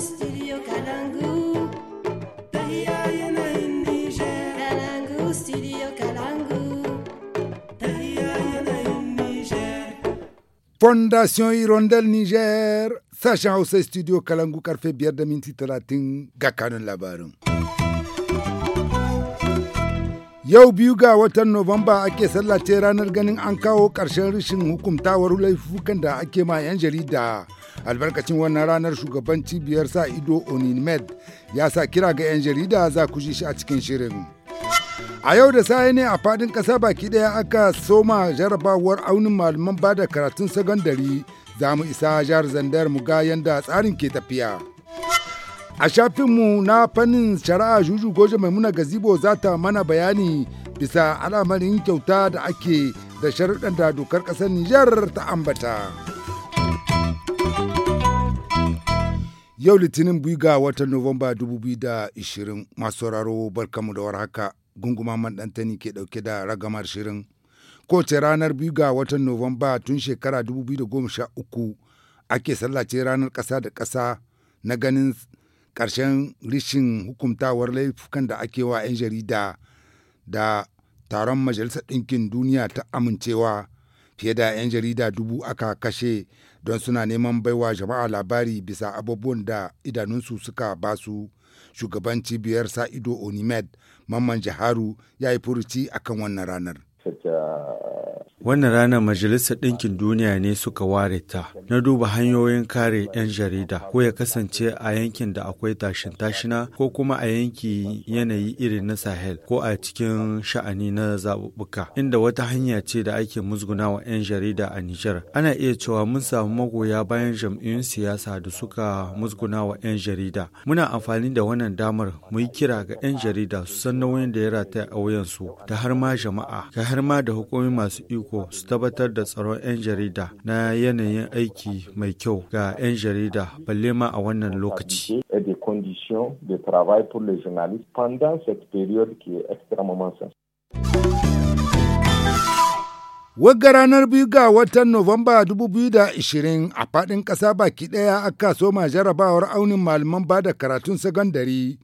studio Kalangu. Tahia yena in Niger. Kalangu studio Kalangu. Tahia yena in Niger. Fondation Hirondelle Niger. Sashen Hausa Studio Kalangu karfe biyar da minti talatin ga kanun Yau biyu ga watan Nuwamba ake sallace ranar ganin an kawo ƙarshen rashin hukumtawar laifukan da ake ma 'yan jarida. Albarkacin wannan ranar shugaban cibiyar sa ido Oninimed ya sa kira ga 'yan jarida za ku ji shi a cikin shirin. A yau da saye ne a fadin ƙasa baki ɗaya aka soma jarabawar aunin malaman ba da karatun sagandari za mu isa jihar zandar mu ga yanda tsarin ke tafiya. A shafinmu na fannin shari'a Juju Goje Maimuna Gazibo za ta mana bayani bisa al'amarin kyauta da ake da sharuɗan da dokar ƙasar Nijar ta ambata. Yau Litinin biyu ga watan Nuwamba 2020 masu sauraro barkamu da warhaka gunguma man ɗantani ke ɗauke da ragamar shirin. Kowace ranar biyu ga watan Nuwamba tun shekara 2013 ake sallace ranar ƙasa da ƙasa na ganin karshen rishin hukumtawar laifukan da ake wa 'yan jarida da taron majalisar ɗinkin duniya ta amincewa fiye da 'yan jarida dubu aka kashe don suna neman baiwa jama'a labari bisa abubuwan da idanunsu suka basu shugaban cibiyar sa ido onimed mamman jaharu ya yi furuci akan wannan ranar. Wannan ranar Majalisar Ɗinkin Duniya ne suka ware ta. Na duba hanyoyin kare 'yan jarida ko ya kasance a yankin da akwai tashin tashina ko kuma a yanki yanayi irin na Sahel ko a cikin sha'ani na zaɓuɓɓuka inda wata hanya ce da ake musguna wa 'yan jarida a Nijar. Ana iya cewa mun samu magoya bayan jam'iyyun siyasa da suka musguna wa 'yan jarida. Muna amfani da wannan damar mu yi kira ga 'yan jarida su san nauyin da ya rataya a wuyansu da har ma jama'a, da har ma da hukumomi masu iko farko su tabbatar da tsaron 'yan jarida na yanayin aiki mai kyau ga 'yan jarida balle ma a wannan lokaci. Wagga ranar biyu ga watan Nuwamba 2020 a faɗin ƙasa baki ɗaya aka soma jarabawar aunin malaman ba da karatun sakandare.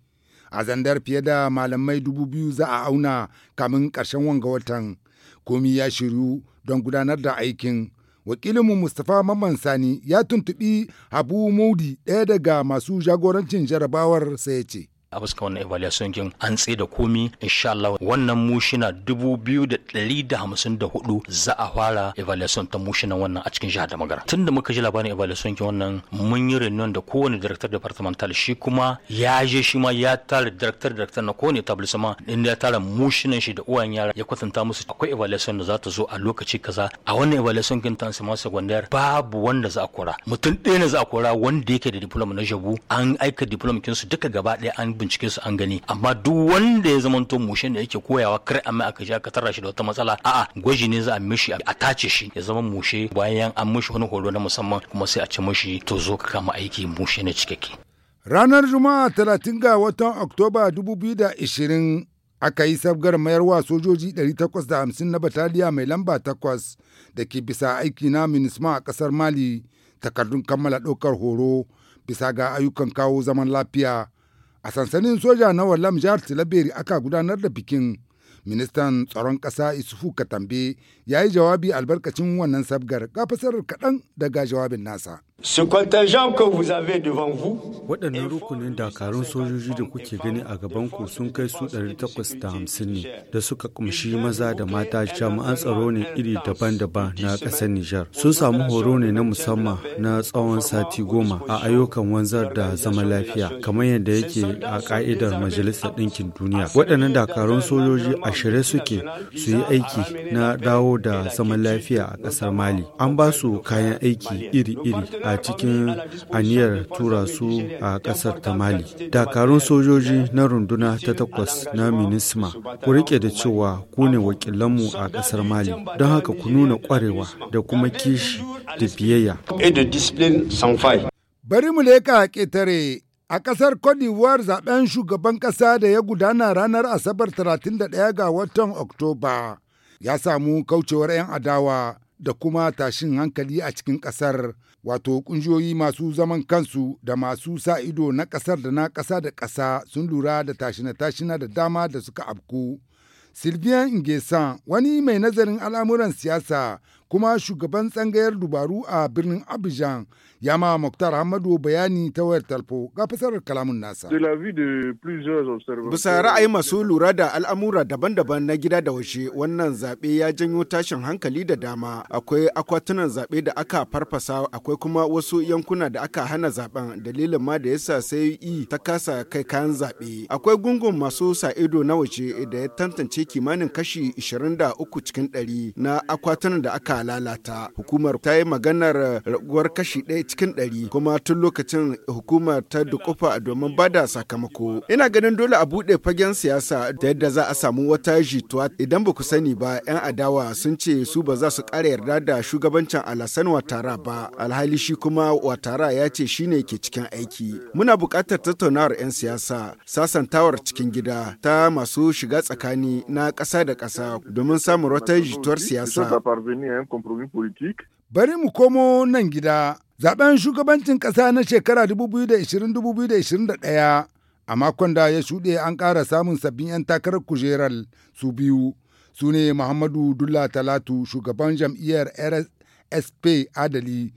A zandar fiye da malamai 2,000 za a auna kamin ƙarshen wanga watan. komi ya shiru don gudanar da aikin. Wakilinmu Mustapha Mamman Sani ya tuntuɓi Habu Maudi ɗaya daga masu jagorancin jarabawar sai ya ce. a fuska wannan evaluation kin an tsaye da komi insha Allah wannan mushina 2154 za a fara evaluation ta mushinan wannan a cikin jihar damagara magara da muka ji labarin evaluation kin wannan mun yi renewal da kowane director departmental shi kuma ya je shi ma ya tara director director na kowane establishment inda ya tara mushinan shi da uwan yara ya kwatanta musu akwai evaluation da za ta zo a lokaci kaza a wannan evaluation kin ta sama secondary babu wanda za a kora mutum ɗaya ne za a kora wanda yake da diploma na jabu an aika diploma kinsu duka gaba ɗaya an bincike su an gani amma duk wanda ya zamanto mushe da yake koyawa kar a mai aka je aka tara shi da wata matsala a'a gwaji ne za a mishi a tace shi ya zama mushe bayan an mishi wani horo na musamman kuma sai a ce mishi to zo ka kama aiki mushe ne cikakke ranar juma'a 30 ga watan oktoba 2020 aka yi sabgar mayarwa sojoji ɗari da hamsin na bataliya mai lamba 8 da ke bisa aiki na minisma a kasar mali takardun kammala ɗaukar horo bisa ga ayyukan kawo zaman lafiya A sansanin soja na Wallam jihar Tilaberi aka gudanar da bikin. Ministan tsaron ƙasa Isufu Katambe ya yi jawabi albarkacin wannan sabgar ga fasarar kaɗan daga jawabin nasa. Waɗannan rukunin dakarun sojoji da kuke gani a gabanku sun kai su 850 ne da suka kumshi maza da mata jami'an tsaro ne iri daban-daban na ƙasar Nijar. Sun samu horo ne na musamman na tsawon sati goma a ayyukan wanzar da zama lafiya kamar yadda yake a ƙa'idar Majalisar Ɗinkin Duniya. Waɗannan dakarun sojoji a shirye suke su yi aiki na dawo da zaman lafiya a ƙasar Mali. An ba su kayan aiki iri-iri a a cikin aniyar tura su a ƙasar ta Mali. Dakarun sojoji na runduna ta takwas na Minisma, ku rike da cewa ku ne wakilanmu a ƙasar Mali, don haka ku nuna ƙwarewa da kuma kishi da biyayya. Bari mu leka ƙetare A ƙasar Kodiwar d'Ivoire zaben shugaban ƙasa da ya gudana ranar Asabar 31 ga watan Oktoba ya samu kaucewar 'yan adawa da kuma tashin hankali a cikin ƙasar wato kungiyoyi masu zaman kansu da masu sa ido na ƙasar da na ƙasa da ƙasa sun lura da tashina-tashina da dama da suka afku. Sylvain Ngesan wani mai nazarin al'amuran siyasa kuma shugaban tsangayar dubaru a birnin Abidjan ya ma Muktar Hamadu bayani ta wayar talfo ga fasarar kalamun nasa. Bisa ra'ayi masu lura da al'amura daban-daban na gida da washe wannan zaɓe ya janyo tashin hankali da dama akwai akwatunan zaɓe da aka farfasa akwai kuma wasu yankuna da aka hana zaɓen dalilin ma da yasa sai yi ta kasa kai kayan zaɓe akwai gungun masu sa ido na waje da ya tantance kimanin kashi 23 cikin 100 na akwatunan da aka a lalata hukumar ta yi maganar raguwar kashi ɗaya cikin ɗari kuma tun lokacin hukumar ta dukufa domin bada sakamako ina ganin dole a buɗe fagen siyasa da yadda za a samu wata jituwa idan ba ku sani ba 'yan adawa sun ce su ba za su ƙara yarda da shugabancin alasan watara ba alhali shi kuma watara ya ce shine ke cikin aiki muna buƙatar tattaunawar 'yan siyasa sasantawar cikin gida ta masu shiga tsakani na ƙasa da kasa. domin samun wata jituwar siyasa Bari mu komo nan gida, zaben shugabancin ƙasa na shekara 2020-2021 a makon da ya shuɗe an ƙara samun sabbin 'yan takarar kujerar su biyu, su ne Muhammadu Dulla Talatu shugaban jam'iyyar RSP Adali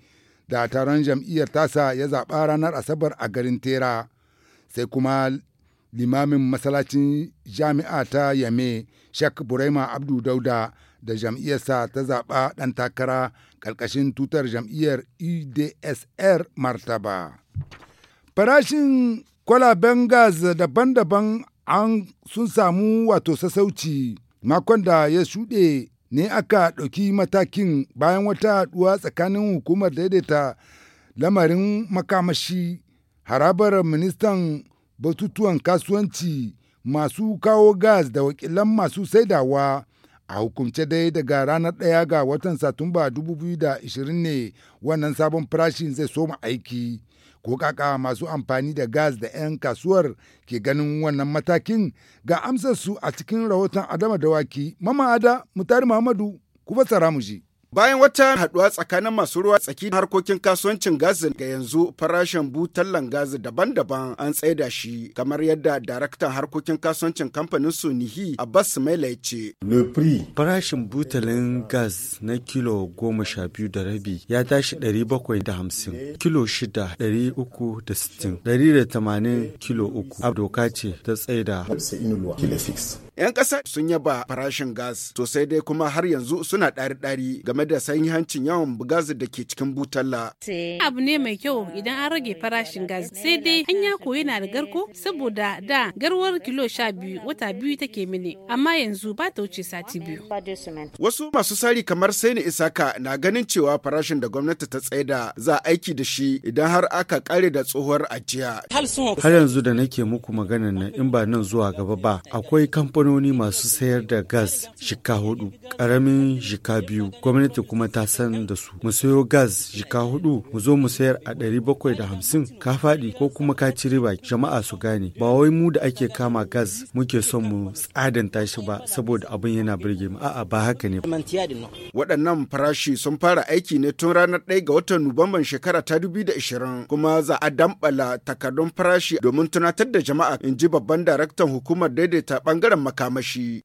da taron jam'iyyar tasa ya zaɓa ranar Asabar a garin Tera, sai kuma limamin masalacin jami'a ta Yame, Shek Burema Abdu Dauda da jam'iyyarsa ta zaɓa ɗan takara ƙarƙashin tutar jam'iyyar EDSR martaba farashin kwalaben gas daban-daban an sun samu wato sassauci makon da ya shuɗe ne aka ɗauki matakin bayan wata haɗuwa tsakanin hukumar daidaita lamarin makamashi harabar ministan batutuwan kasuwanci masu kawo gas da wakilan masu saidawa a hukumce dai daga ranar ɗaya ga watan satumba 2020 ne wannan sabon farashin zai soma aiki ko kaka masu amfani da gas da 'yan kasuwar ke ganin wannan matakin ga amsar su a cikin rahoton adama dawaki mama ada mutari muhammadu kuma tsara mu ji. Bayan wata haɗuwa tsakanin masu ruwa tsaki harkokin kasuwancin gazi ga yanzu farashin butallan gazi daban-daban an tsaida shi kamar yadda daraktan harkokin kasuwancin kamfanin Sunihi Abbas Maila ya ce. Farashin butalin gas na kilo goma sha biyu da rabi ya tashi ɗari bakwai da hamsin, kilo shida ɗari uku da sittin, ɗari da tamanin kilo uku. doka ce ta tsaida. 'Yan ƙasa sun yaba farashin gas to sai dai kuma har yanzu suna ɗari-ɗari game da sanyi hancin yawan gas da ke cikin butalla. Abu ne mai kyau idan an rage farashin gas sai dai hanya ya koyi na da garko saboda da garwar kilo sha biyu wata biyu take mini amma yanzu ba ta wuce sati biyu. Wasu masu sari kamar sai ni isaka na ganin cewa farashin da gwamnati ta tsaida za aiki da shi idan har aka kare da tsohuwar ajiya. Har yanzu da nake muku magana nan in ba nan zuwa gaba ba akwai kamfani kamfanoni masu sayar da gas shika hudu karamin shika biyu gwamnati kuma ta san da su mu sayo gas shika hudu mu zo mu sayar a ɗari bakwai da hamsin ka faɗi ko kuma ka ci riba jama'a su gane ba wai mu da ake kama gas muke son mu tsadan shi ba saboda abin yana birge mu a'a ba haka ne waɗannan farashi sun fara aiki ne tun ranar 1 ga watan nuwamban shekara ta 2020 kuma za a dambala takardun farashi domin tunatar da jama'a in ji babban daraktan hukumar daidaita bangaren makamashi.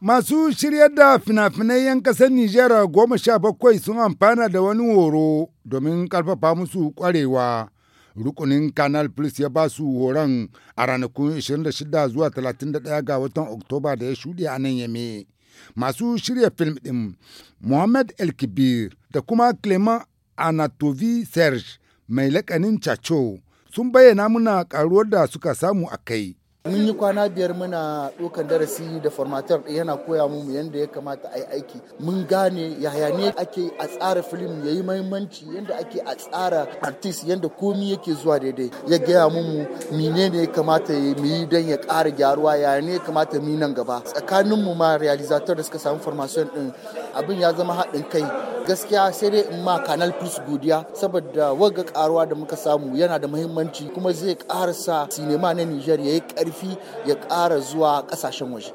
Masu shirya da fina-finai 'yan ƙasar Nijar goma sha bakwai sun amfana da wani horo domin ƙarfafa musu ƙwarewa. Rukunin Canal Plus ya ba su horon a ranakun 26 zuwa 31 ga watan Oktoba da ya shuɗe a nan yame. Masu shirya fim ɗin Mohamed El Kibir da kuma Clement Anatovi Serge mai laƙanin Chacho sun bayyana muna karuwar da suka samu a kai. mun yi kwana biyar muna ɗaukan darasi da formatar yana koya mu yadda ya kamata a yi aiki mun gane yaya ne ake a tsara film ya yi mahimmanci yadda ake a tsara artist yadda komi yake zuwa daidai ya gaya mu mine ne ya kamata mu yi don ya ƙara gyaruwa yaya ne ya kamata mu nan gaba tsakanin mu ma realizator da suka samu formation din abin ya zama haɗin kai gaskiya sai dai in ma kanal plus godiya saboda waga karuwa da muka samu yana da mahimmanci kuma zai ƙara sa sinema na Nijar ya yi ƙarfi ƙarfi ya ƙara zuwa ƙasashen waje.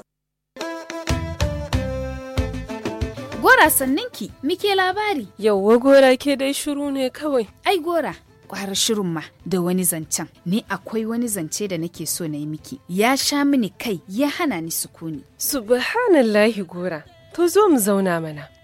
Gora sanninki, muke labari. Yauwa gora ke dai shiru ne kawai. Ai gora, ƙwarar shirin ma da wani zancen ni akwai wani zance da nake so na yi miki ya sha mini kai ya hana ni sukuni subhanallahi gora to zo mu zauna mana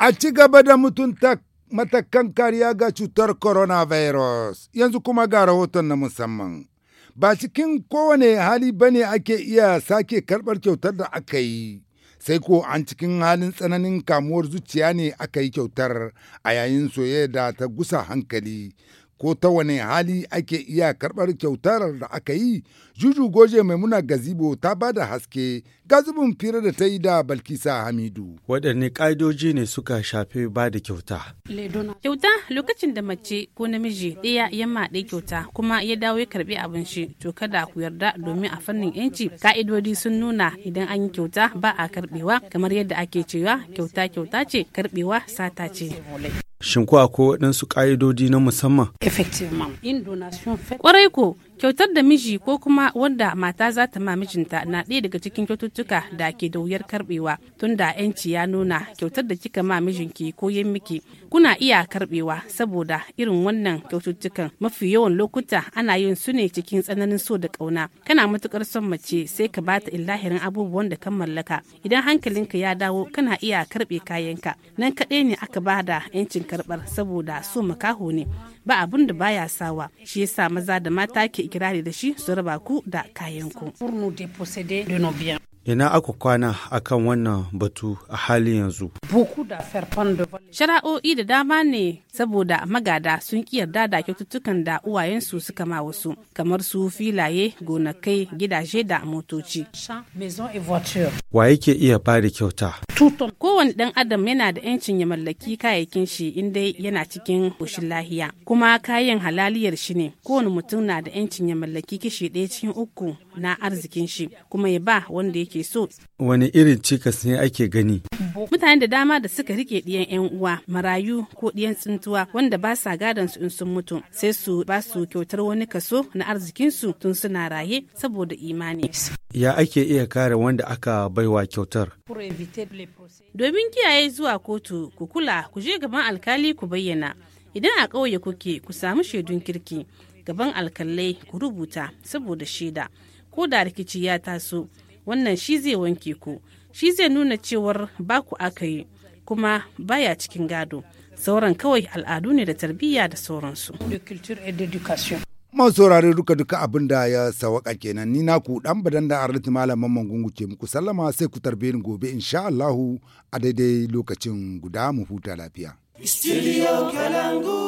A ci gaba da mutunta matakan kariya ga cutar coronavirus yanzu kuma ga rahoton na musamman. Ba cikin kowane hali ba bane ake iya sake karɓar kyautar da aka yi. sai ko an cikin halin tsananin kamuwar zuciya ne aka yi kyautar a yayin soyayya da ta gusa hankali ko ta wane hali ake iya karɓar kyautar da aka yi juju goje maimuna gazibo ta ba da haske gazibin fira da ta yi da balkisa hamidu waɗanne ƙa'idoji ne suka shafe ba da kyauta kyauta lokacin da mace ko namiji ɗaya yamma ɗaya kyauta kuma ya dawo ya karɓi abin shi to kada ku yarda domin a fannin yanci ka'idodi sun nuna idan an yi kyauta ba a karɓewa kamar yadda ake cewa kyauta kyauta ce karɓewa sata ce Shin ko akwai waɗansu ƙa'idodi na musamman? Kwarai ko kyautar da miji ko kuma wanda mata za ta ma mijinta na ɗaya daga cikin kyaututtuka da ke da wuyar karbewa tun yanci ya nuna kyautar da kika ma mijinki ko yin miki kuna iya karɓewa saboda irin wannan kyaututtukan mafi yawan lokuta ana yin su ne cikin tsananin so da kauna kana matukar son mace sai ka bata illahirin abubuwan da ka mallaka idan hankalinka ya dawo kana iya karɓe kayanka nan kaɗai ne aka bada yancin karɓar saboda so makaho ne ba abun da baya sawa shi yasa maza da mata ke ikirari da shi su raba ku da kayan ku. Ina aka kwana akan wannan batu a halin yanzu. Shara'o'i da dama ne saboda magada sun yarda da kyaututtukan da uwayensu suka ma wasu kamar su filaye, gonakai, gidaje da motoci. Wa yake iya bada kyauta? Kowane ɗan adam yana da 'yancin ya mallaki kayayyakin shi inda yana cikin ƙoshin lahiya. Kuma kayan halaliyar shi ne. Kowane mutum na da 'yancin ya mallaki kishi ɗaya cikin uku na arzikin shi kuma ya ba wanda yake ke so. Wani irin cikas ne ake gani? Mutane da dama da suka rike ɗiyan 'yan uwa, marayu ko ɗiyan tsintuwa wanda ba sa gadon su in sun mutu, sai su ba su kyautar wani kaso na arzikinsu tun suna raye saboda imani. Ya ake iya kare wanda aka baiwa kyautar? Domin kiyaye zuwa kotu, ku kula, ku je gaban alkali ku bayyana. Idan a ƙauye kuke, ku samu shaidun kirki. Gaban alkalai ku rubuta saboda shaida. Ko da rikici ya taso, wannan shi zai wanke ku shi zai nuna cewar ba ku aka yi kuma baya cikin gado sauran kawai al'adu ne da tarbiyya da sauransu masu saurare duka duka abin da ya sawaka kenan ni naku dan badan da arliti malaman mangungu ke muku sallama sai ku tarbe ni gobe insha Allahu a daidai lokacin guda mu huta lafiya. Studio Kalangu.